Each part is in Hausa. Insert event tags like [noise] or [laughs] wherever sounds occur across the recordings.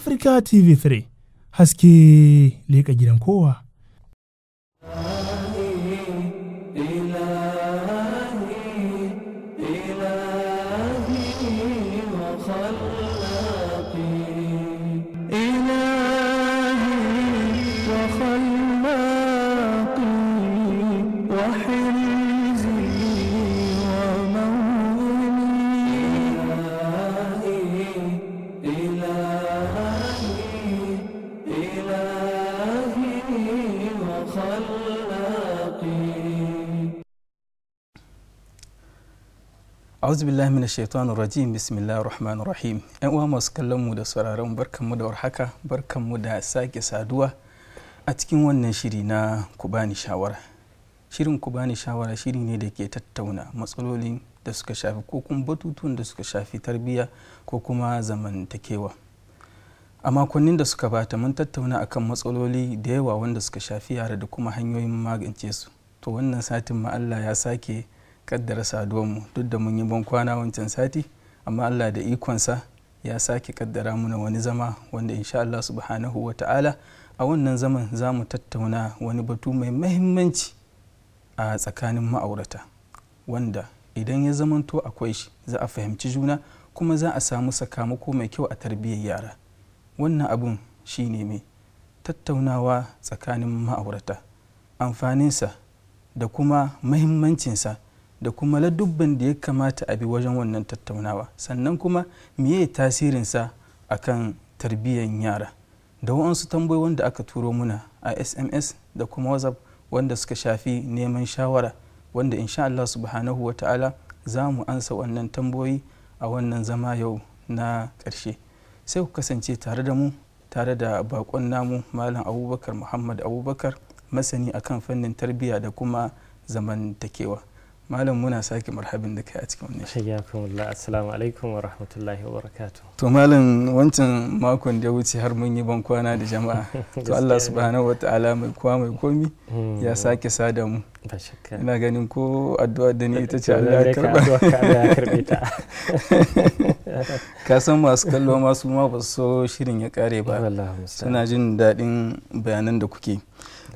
Africa TV3 haske leƙa gidan kowa. auzu billahi min shaitanir rajim bismillahir rahmanir rahim yan uwa masu kallon mu da sauraron barkan mu da warhaka barkan mu da sake saduwa a cikin wannan shiri na ku shawara shirin ku shawara shiri ne da ke tattauna matsalolin da suka shafi ko kuma batutun da suka shafi tarbiyya ko kuma zamantakewa a makonnin da suka bata mun tattauna akan matsaloli da yawa wanda suka shafi yara da kuma hanyoyin magance su to wannan satin ma Allah ya sake kaddara mu duk da mun yi ban kwana wancan sati amma allah da ikonsa ya sake kaddara muna wani zama wanda insha allah subhanahu wa ta'ala a wannan zaman za mu tattauna wani batu mai mahimmanci a tsakanin ma'aurata wanda idan ya zamanto akwai shi za a fahimci juna kuma za a samu sakamako mai kyau a tarbiyyar yara wannan abun shine mai tattaunawa tsakanin ma'aurata amfaninsa da kuma mahimmancinsa da kuma ladubban da ya kamata a bi wajen wannan tattaunawa sannan kuma meye tasirinsa a kan tarbiyyar yara da wa'ansu tambayoyi wanda aka turo muna a sms da kuma whatsapp wanda suka shafi neman shawara wanda insha Allah subhanahu wa ta'ala za mu ansa wannan tambayoyi a wannan zama yau na ƙarshe sai ku kasance tare da mu tare da bakon namu malam abubakar muhammad abubakar masani akan fannin tarbiyya da kuma zamantakewa malam muna sake marhabin da kai a cikin wannan shirin assalamu alaikum wa rahmatullahi wa barakatuh to malam wancan makon da ya wuce har mun yi ban kwana da jama'a [laughs] to Allah subhanahu wa ta'ala mai kowa mai komi hmm. ya sake sada mu ina ganin ko addu'a da ni ita ce Allah ya karba [laughs] ka san masu kallo masu ma ba so shirin ya kare ba suna jin daɗin bayanan da kuke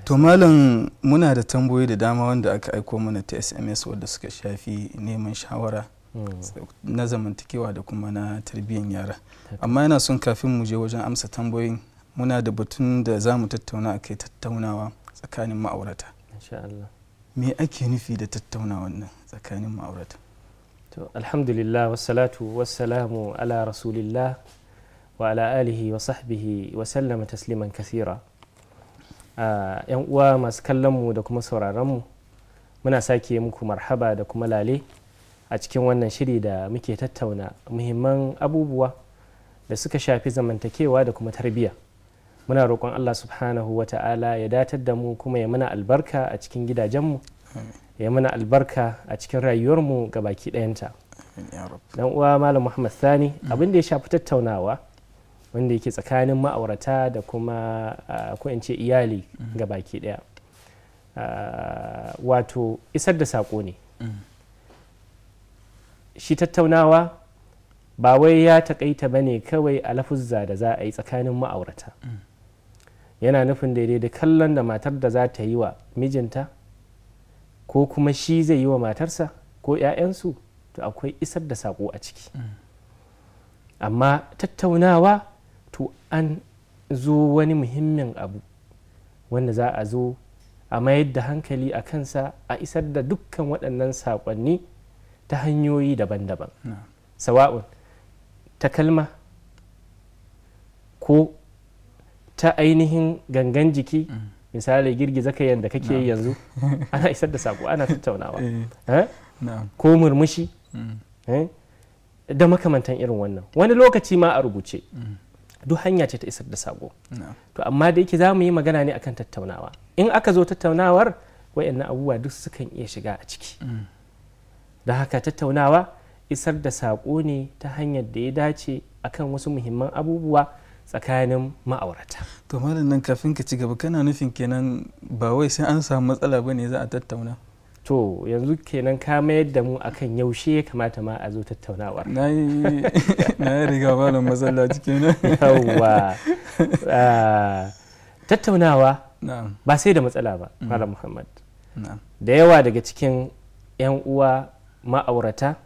to malam muna da tambayoyi da dama wanda aka aika mana ta sms wanda suka shafi neman shawara na zamantakewa da kuma na tarbiyyar yara amma yana son kafin mu je wajen amsa tambayoyin muna da batun da zamu tattauna akai tattaunawa tsakanin ma'aurata Insha Allah. me ake nufi da tattauna wannan tsakanin ma'aurata to alhamdulillah wassalatu wassalamu ala rasulillah wa ala alihi wa sahbihi wa sallama tasliman kasira 'yan uwa masu kallon mu da kuma sauraron mu muna sake muku marhaba da kuma lale a cikin wannan shiri da muke tattauna muhimman abubuwa da suka shafi zamantakewa da kuma tarbiyya muna roƙon allah subhanahu wa ta'ala ya datar da mu kuma ya mana albarka a cikin gidajenmu ya mana albarka a cikin rayuwarmu ga baki ɗayanta dan uwa malam muhammad sani mm. abin da ya shafi tattaunawa wanda yake tsakanin ma'aurata da kuma ah, ko ce iyali mm-hmm. ga baki daya ah, wato isar da sako ne mm. shi tattaunawa ba wai ya taƙaita ba ne kawai a lafuzza da za a yi tsakanin ma'aurata mm. yana nufin daidai da kallon da matar da za ta yi wa mijinta ko kuma shi zai yi wa matarsa ko 'ya'yansu to akwai isar da saƙo a ciki mm. amma tattaunawa an zo wani muhimmin abu wanda za a zo a mayar da hankali a kansa a isar da dukkan waɗannan saƙonni ta hanyoyi daban-daban sawa'un ta kalma ko ta ainihin gangan jiki mm. misali girgiza kai yadda kake yanzu [laughs] ana isar da saƙo ana tattaunawa eh. Eh? ko murmushi mm. eh? da makamantan irin wannan wani lokaci ma a rubuce mm. duk hanya ce ta isar da sako to amma da yake za mu yi magana ne akan tattaunawa in aka zo tattaunawar wayannan abubuwa duk sukan iya shiga a ciki mm. da haka tattaunawa isar da sako ne ta hanyar da ya dace akan wasu muhimman abubuwa tsakanin ma'aurata to malam nan kafin ka ci gaba kana nufin kenan ba wai sai an samu matsala bane za a tattauna to yanzu kenan ka mayar da mu akan yaushe ya kamata ma a zo tattaunawar na yi riga malam masallaci kenan yawwa [laughs] ah, tattaunawa ba sai da matsala ba mm. malam muhammad da yawa daga cikin 'yan uwa ma'aurata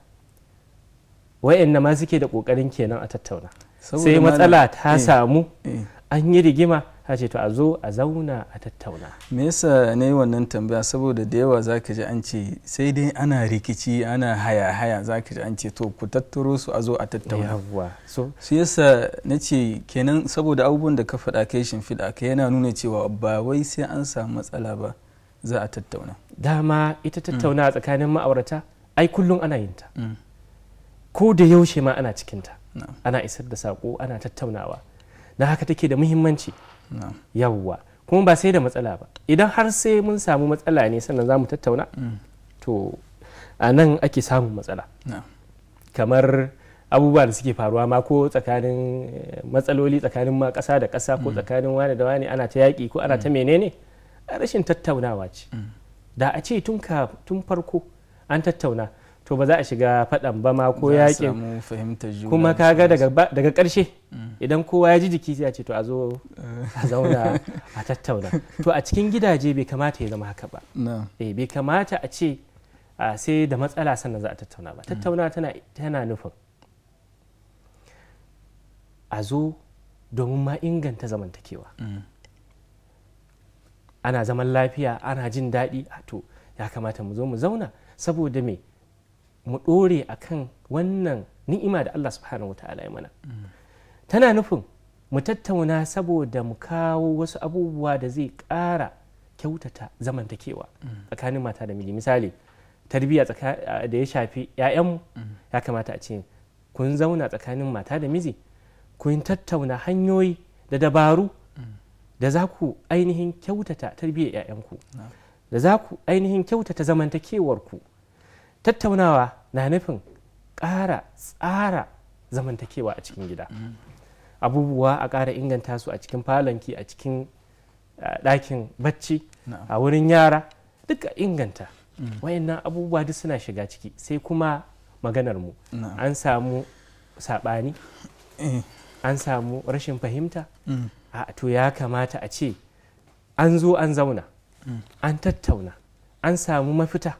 na ma suke da kokarin kenan a tattauna sai matsala ta eh, samu eh. an yi rigima ta ce to a zo a zauna a tattauna me yasa na yi wannan tambaya saboda da yawa zaka ka ji an ce sai dai ana rikici ana haya haya za ji an ce to ku tattaro su a zo a tattauna so su yasa na ce kenan saboda abubuwan da ka faɗa kai shimfiɗa ka yana nuna cewa ba wai sai an samu matsala ba za a tattauna dama ita tattauna mm. tsakanin ma'aurata ai kullum ana yin ta mm. ko da yaushe ma ana cikinta ana isar da saƙo ana tattaunawa na haka take da muhimmanci yawwa kuma ba sai da matsala ba idan har sai mun samu matsala ne sannan za mu tattauna mm. to a nan ake samun matsala kamar abubuwa da suke faruwa ma ko tsakanin eh, matsaloli tsakanin ma ƙasa da kasa ko mm. tsakanin wani da wani ana ta yaƙi ko ana ta mm. menene rashin tattaunawa ce da a ce tun farko an tattauna to ba za a shiga faɗan ba ma ko yakin kuma kaga daga ƙarshe mm. idan kowa ya ji jiki sai a ce to a zo a [laughs] zauna a tattauna to a cikin gidaje bai kamata ya zama haka ba eh, bai kamata a ce sai da matsala sannan za a tattauna ba mm. tattauna tana nufin a zo domin ma inganta zamantakewa mm. ana zaman lafiya ana jin daɗi to ya kamata mu zo mu zauna saboda me mu ɗore a kan wannan ni'ima da Allah subhanahu wata'ala ya mana tana nufin mu tattauna saboda mu kawo wasu abubuwa da zai ƙara kyautata zamantakewa tsakanin mata da miji misali tarbiyya da ya shafi 'ya'yanmu ya kamata a ce kun zauna tsakanin mata da miji kun tattauna hanyoyi da dabaru da za ku ainihin kyautata tarbiyyar 'ya'yanku da za ku ainihin kyautata zamantakewarku tattaunawa na nufin ƙara tsara zamantakewa a cikin gida mm. abubuwa a ƙara inganta su a cikin falonki a cikin eh, ɗakin bacci a wurin yara duka inganta mm. wayannan abubuwa duk suna shiga ciki sai kuma maganar mu an samu saɓani eh. an samu rashin fahimta mm. a to ya kamata a ce an zo an zauna an tattauna an samu mafita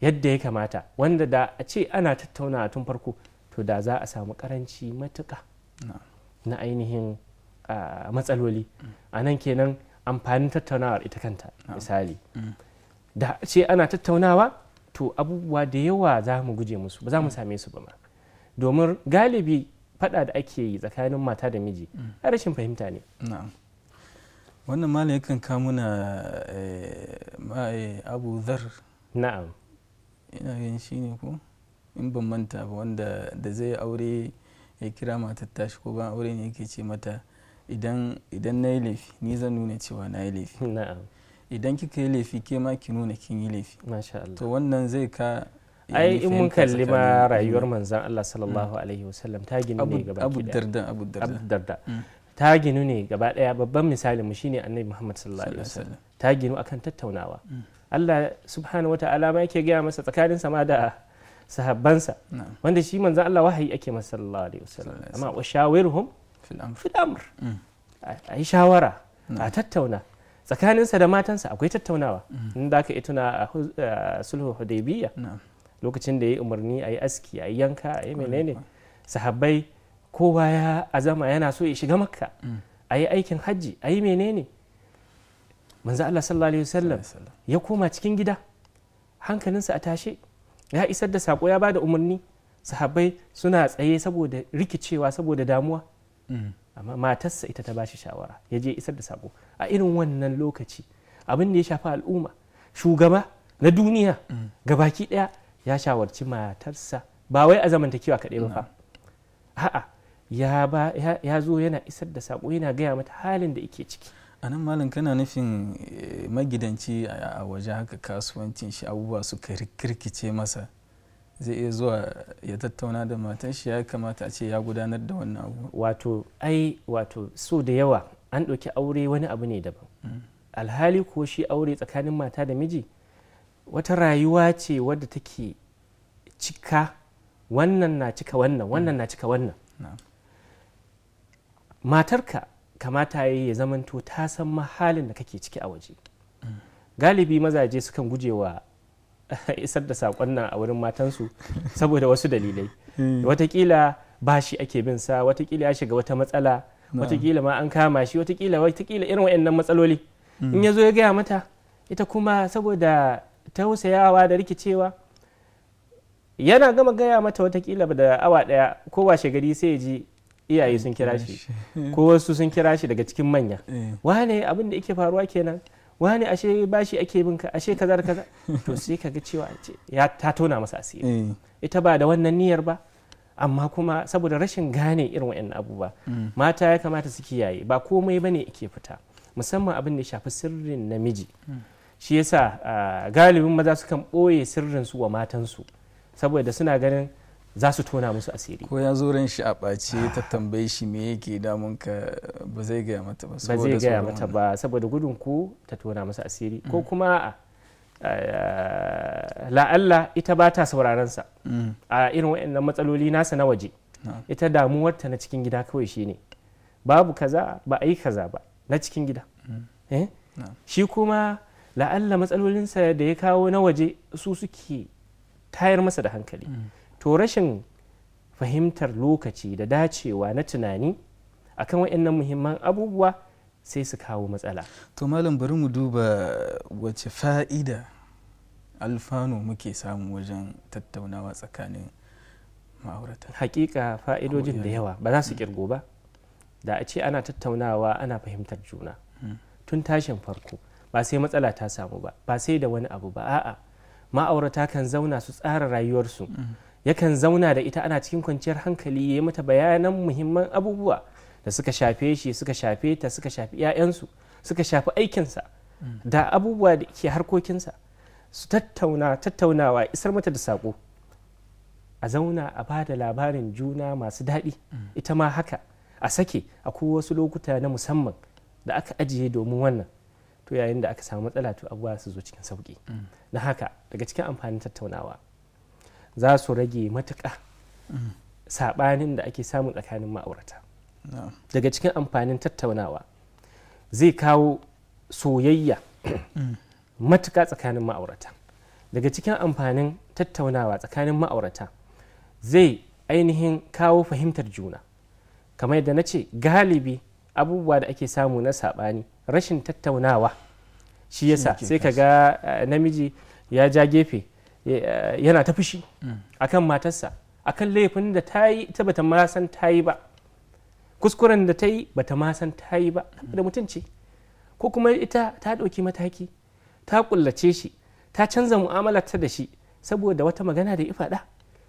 yadda ya kamata wanda da a ce ana tattauna tun farko to da za a samu karanci matuka na ainihin matsaloli a nan kenan amfanin tattaunawar ita kanta misali mm. da a ce ana tattaunawa to abubuwa da yawa za mu guje musu ba za mu mm. same su ba ma domin galibi fada da ake yi tsakanin mata da miji mm. a rashin fahimta ne wannan malam yakan kamuna eh, eh, abu zar na'am ina yin shi ne ko in ban manta ba wanda da zai aure ya kira matar tashi ko ban aure ne yake ce mata idan idan na yi laifi ni zan nuna cewa na yi laifi idan kika yi laifi ke ma ki nuna kin yi laifi to wannan zai ka ai in mun kalli ma rayuwar mm. manzan Allah sallallahu mm. alaihi wa sallam ta ginu ne gaba abu darda abu darda mm. ta ginu ne gaba daya babban misalin mu shine annabi Muhammad sallallahu alaihi wa sallam ta ginu akan tattaunawa Allah subhanahu wata'ala ma yake gaya masa tsakanin sama da sahabbansa wanda shi manzan Allah wahayi ake masa sallallahu alaihi wasallam amma wa shawirhum fil amr mm. a yi shawara a tattauna tsakaninsa da matansa akwai tattaunawa mm. in da ka ituna a sulhu hudaybiyya lokacin da ya yi umarni a yi aski a yi yanka a yi menene sahabbai kowa ya azama yana so ya shiga makka mm. a yi aikin hajji a yi menene manzo Allah sallallahu alaihi wasallam ya koma cikin gida hankalinsa a tashe ya isar da sako ya ba da umarni sahabbai suna tsaye saboda rikicewa saboda damuwa mm. amma matarsa ita ta bashi shawara ya je isar da sako a irin wannan lokaci abin da ya shafi al'umma shugaba na duniya mm. gabaki daya ya shawarci matarsa ba wai a zamantakewa kaɗai ba fa a'a ya zo yana isar da sako yana gaya mata halin da ike ciki anan nan malam kana nufin eh, magidanci a waje haka kasuwancin shi abubuwa suka rikirkice masa zai iya zuwa ya tattauna da matan shi ya kamata a ce ya gudanar da wannan abu wato ai wato so da yawa an ɗauki aure wani abu ne daban mm. alhali ko shi aure tsakanin mata da miji wata rayuwa ce wadda take cika wannan na cika wannan wannan mm. na cika wannan matarka kamata ya yi ya zamanto ta san mahalin da kake ciki a waje galibi mazaje sukan guje wa [laughs] isar da saƙon nan a wurin matansu saboda wasu dalilai hmm. watakila ba shi ake bin sa watakila ya shiga wata matsala watakila ma an kama shi watakila watakila irin waɗannan matsaloli hmm. in ya zo ya gaya mata ita kuma saboda tausayawa da rikicewa yana gama gaya mata watakila da awa ɗaya ko washe gari sai ya ji iyaye sun kira shi [laughs] ko wasu sun kira shi daga cikin manya eh. wane abin da yake faruwa kenan wane ashe bashi ake binka ashe kaza da kaza [laughs] to sai ka ga cewa ya ta tona masa asiri eh. ita ba da wannan niyyar ba amma kuma saboda rashin gane irin wa'annan abubuwa mm. mata ya kamata su kiyaye ba komai bane yake fita musamman abin da shafi sirrin namiji mm. shi yasa ah, galibin maza sukan ɓoye sirrin su wa matansu saboda suna ganin za su tona musu asiri ko ya zo ran shi a ɓace ta tambaye shi me yake damun ka ba zai gaya mata ba ba zai gaya mata ba saboda gudun ku ta tona musu asiri ko mm. kuma la'alla ita ba ta sauraron sa mm. a irin waɗannan matsaloli nasa na waje ita damuwarta na cikin gida kawai shine babu kaza ba a yi kaza ba na cikin gida mm. eh? shi kuma la'alla matsalolinsa da ya kawo na waje su suke tayar masa da hankali to rashin fahimtar lokaci da dacewa na tunani akan waɗannan muhimman abubuwa sai su kawo matsala to malam bari mu duba wace fa'ida alfano muke samu wajen tattaunawa tsakanin ma'aurata hakika fa'idojin da yawa ba za su kirgo mm. ba da a ce ana tattaunawa ana fahimtar juna mm. tun tashin farko ba sai matsala ta samu ba ba sai da wani abu ba a'a ma'aurata kan zauna su tsara rayuwarsu mm. yakan zauna da ita ana cikin kwanciyar hankali ya yi mata bayanan muhimman abubuwa da suka shafe shi suka shafe ta suka shafi 'ya'yansu suka shafi aikinsa da abubuwa da ke harkokinsa su tattauna tattaunawa isar mata da sako a zauna a ba da labarin juna masu daɗi ita ma haka a sake ko wasu lokuta na musamman da aka ajiye domin wannan to yayin da aka samu matsala to abubuwa su zo cikin sauki na haka daga cikin amfanin tattaunawa za su rage matuƙa saɓanin da ake samun tsakanin ma'aurata daga cikin amfanin tattaunawa zai kawo soyayya mm. matuƙa tsakanin ma'aurata daga cikin amfanin tattaunawa tsakanin ma'aurata zai ainihin kawo fahimtar juna kamar yadda na ce galibi abubuwa da ake samu na saɓani rashin tattaunawa shi yasa sai ka ga eh, namiji ya ja gefe yana ta fushi mm. A kan matarsa A kan laifin da ta yi ta bata ma san ta yi ba kuskuren da ta yi bata ma san ta yi ba da mutum ce. ko kuma ita ta ɗauki mataki ta kullace shi ta canza mu'amalarta da shi saboda wata magana da ya faɗa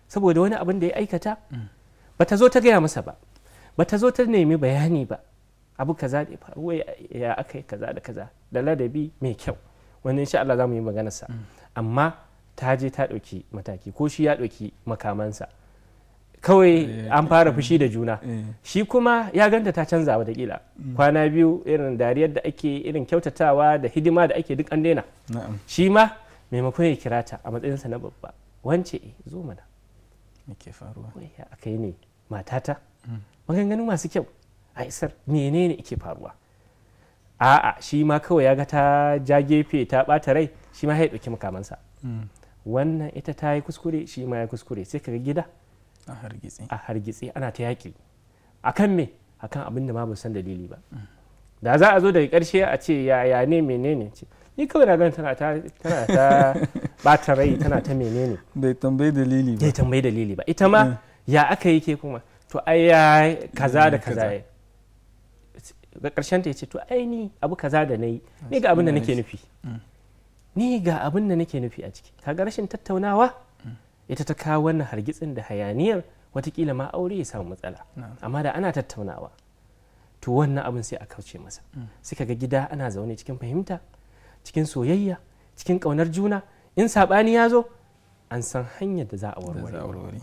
saboda wani abin da ya aikata mm. bata zo ta gaya masa ba bata zo ta nemi bayani ba abu kaza da faru ya aka yi kaza da kaza da ladabi mai kyau wani insha za mu yi maganarsa mm. amma ta je ta ɗauki mataki ko shi ya ɗauki makamansa kawai eh, an fara fushi da juna eh. shi kuma ya ganta ta canza watakila mm. kwana biyu irin dariyar da ake irin kyautatawa da hidima da ake duk an daina shi ma maimakon ya kira ta a matsayinsa na babba wance eh, zo mana ke faruwa a kai ne matata mm. maganganu masu kyau a isar menene ke faruwa a'a shi ma kawai ya ga ta jagefe ta bata rai shi ma ya ɗauki makamansa mm. wannan ita ta yi kuskure shi ma ya kuskure sai ka gida a hargitsi ana ta yaƙi a kan me a kan abin da ma ba san dalili ba mm. da za a zo daga ƙarshe a ce yaya ne menene ce ni kawai na gan tana ta ta [laughs] rai tana ta menene bai tambayi dalili ba bai tambayi dalili ba ita ma mm. ya aka yi ke kuma to ai ya kaza da mm, kaza ya ga karshen ta ce to ai ni abu kaza da na yi ni ga abin da nake nufi ni ga abin da nake nufi a ciki kaga rashin tattaunawa ita ta kawo wannan hargitsin da hayaniyar watakila ma aure ya samu matsala amma da ana tattaunawa to wannan abin sai a kauce masa mm. suka ga gida ana zaune cikin fahimta cikin soyayya cikin ƙaunar juna in saɓani ya zo an san hanyar da za a warware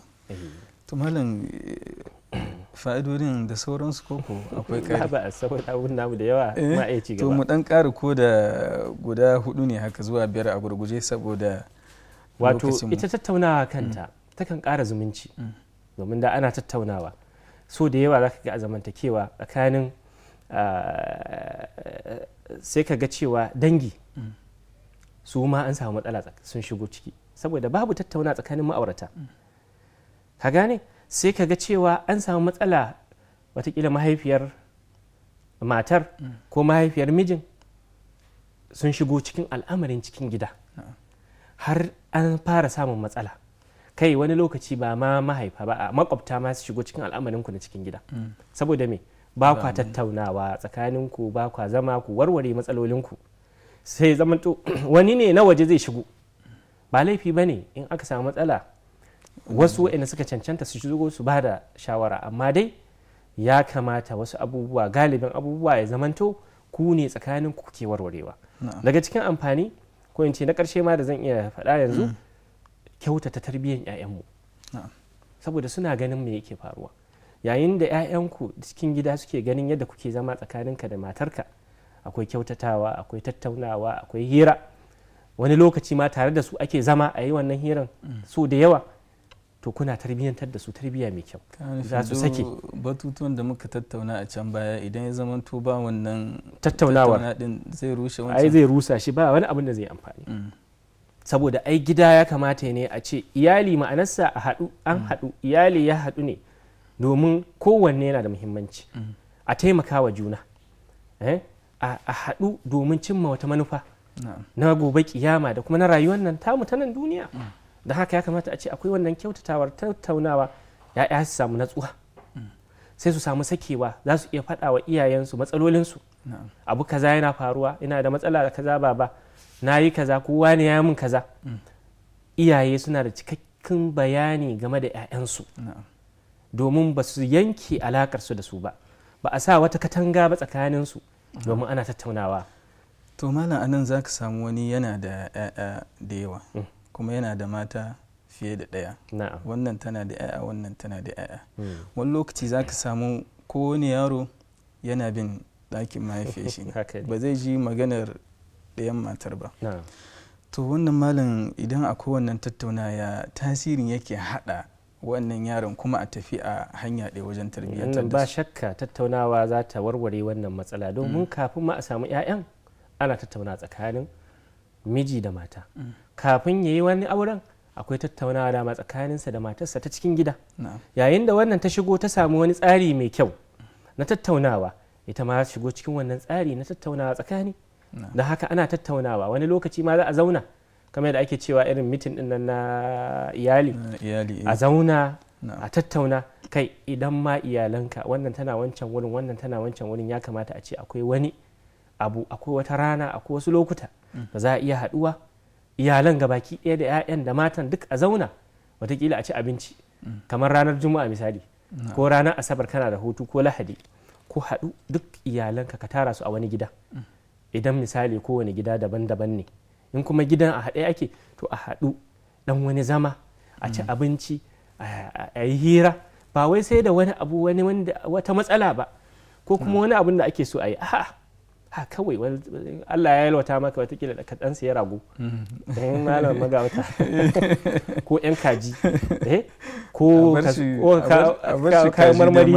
fa'idodin da sauransu koko akwai kari ba a saboda abun namu da yawa eh, ma iya ci gaba to mu dan kara ko da guda hudu ne haka zuwa biyar a gurguje saboda wato ita tattaunawa kanta mm. ta kan kara zumunci mm. domin da ana tattaunawa so da yawa za ka ga a zamantakewa tsakanin ah, sai ka ga cewa dangi mm. su ma an samu matsala sun shigo ciki saboda babu tattauna tsakanin ma'aurata ka gane sai ka ga cewa an samu matsala watakila mahaifiyar matar ko mahaifiyar mijin sun shigo cikin al'amarin cikin gida har an fara samun matsala kai wani lokaci ba ma mahaifa ba a makwabta ma su shigo cikin al'amarin ku na cikin gida mm. saboda me ba kwa tattaunawa tsakanin ku ba kwa zama ku warware matsalolin ku sai zamanto [clears throat] wani ne na waje zai shigo ba laifi ba ne in aka samu matsala wasu waɗanda suka cancanta su shigo su ba da shawara amma dai ya kamata wasu abubuwa galibin abubuwa ya zamanto ku ne tsakanin ku ke warwarewa daga cikin amfani ko in ce na karshe ma da zan iya faɗa yanzu mm. kyautata tarbiyyar 'ya'yanmu saboda suna ganin me yake faruwa yayin da 'ya'yanku cikin gida suke ganin yadda kuke zama tsakaninka da matarka akwai kyautatawa akwai tattaunawa akwai hira wani lokaci ma tare da su ake zama a yi wannan hiran mm. su da yawa to kuna tarbiyyantar da su tarbiyya mai kyau za su sake batutuwan da muka tattauna a can baya idan ya zama to wannan tattaunawa zai rushe wancan ai zai rusa shi ba wani abin da zai amfani mm. saboda ai gida ya kamata ne a ce iyali ma'anarsa a haɗu an mm. haɗu iyali ya haɗu ne domin kowanne yana da muhimmanci mm. a taimaka wa juna eh? a haɗu domin cimma wata manufa na gobe kiyama da kuma na rayuwar nan tamu ta nan duniya da haka ya kamata a ce akwai wannan kyautatawar tattaunawa ya su samu natsuwa sai su samu sakewa za su iya faɗa wa iyayensu matsalolinsu abu kaza yana faruwa ina da matsala da kaza baba na yi kaza kowa ne ya min kaza mm. iyaye suna da cikakken bayani game da 'ya'yansu domin ba su yanke alakarsu da su ba ba a sa wata katanga ba tsakaninsu domin ana tattaunawa to malam anan za samu wani yana da da yawa mm. kuma yana da mata fiye da ɗaya wannan tana da 'ya'ya wannan tana da 'ya'ya hmm. wani lokaci za ka samu kowane yaro yana bin ɗakin mahaifiyar shi [laughs] ba zai ji maganar ɗayan matar ba to wannan malam idan a wannan tattauna ya tasirin yake haɗa wannan yaron kuma a tafi a hanya ɗaya wajen tarbiyyar ba shakka tattaunawa za ta warware wannan matsala domin hmm. kafin ma a samu 'ya'yan ana tattauna tsakanin miji da mata kafin ya yi wani auren akwai tattaunawa dama tsakaninsa da matarsa ta cikin gida yayin da wannan ta shigo ta samu wani tsari mai kyau na tattaunawa ita ma shigo cikin wannan tsari na tattaunawa tsakani da haka ana tattaunawa wani lokaci ma za a zauna kamar da ake cewa irin mitin din nan na iyali eh. a zauna a tattauna kai idan ma iyalanka wannan tana wancan wurin wannan tana wancan wurin ya kamata a ce akwai wani abu akwai wata rana akwai wasu lokuta da za a iya haɗuwa iyalan gabaki ɗaya da 'ya'yan da matan duk a zauna watakila a ci abinci kamar ranar juma'a misali ko ranar asabar kana da hutu ko lahadi ko haɗu duk iyalanka ka tara su a wani gida idan misali kowane gida daban-daban ne in kuma gidan a haɗe ake to a haɗu dan wani zama a ci abinci a yi hira ba wai sai da wani abu wani wata matsala ba ko kuma wani abun da ake so a yi a'a ha ah, kawai Allah ya yalwata maka watakila da kaɗan ya rago ɗan mm. malam [laughs] magawata ko yan kaji [laughs] eh? ko kayan marmari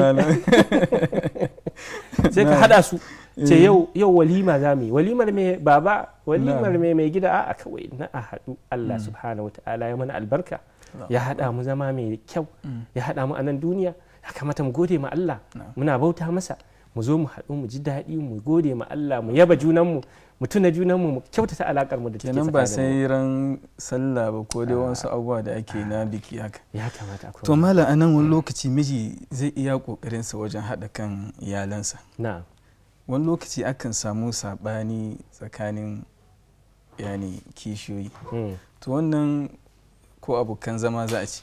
[laughs] sai ka hada su ce eh. yau walima za mu yi walimar mai baba walimar mai mai gida a kawai na a haɗu Allah mm. subhanahu wa ta'ala ya mana albarka ya hada mu zama mai kyau mm. ya hada mu a nan duniya ya kamata mu gode ma Allah muna bauta masa mu zo mu haɗu mu ji daɗi mu gode ma Allah mu yaba junanmu mu tuna junanmu mu kyautata alakar mu da take kenan ba sai ran sallah ba ko dai wasu abubuwa da ake na biki haka ya kamata akwai to a anan wani lokaci miji zai iya kokarin sa wajen haɗa kan iyalansa na wani lokaci akan samu sabani tsakanin yani kishiyoyi hmm. to wannan ko abokan zama za a ci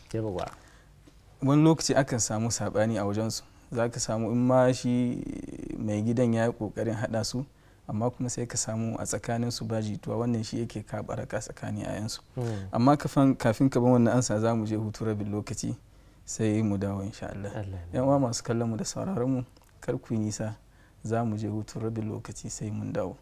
wani lokaci akan samu sabani a wajensu za ka samu in ma shi mai gidan ya yi kokarin haɗa su amma kuma sai ka samu a tsakanin su ba jituwa wannan shi yake ka baraka tsakanin ayansu hmm. amma kafin ka ban wannan ansa za mu je hutu rabin lokaci sai mu dawo insha Allah yan uwa masu kallon mu da sauraron mu kar ku nisa za mu je hutu rabin lokaci sai mun dawo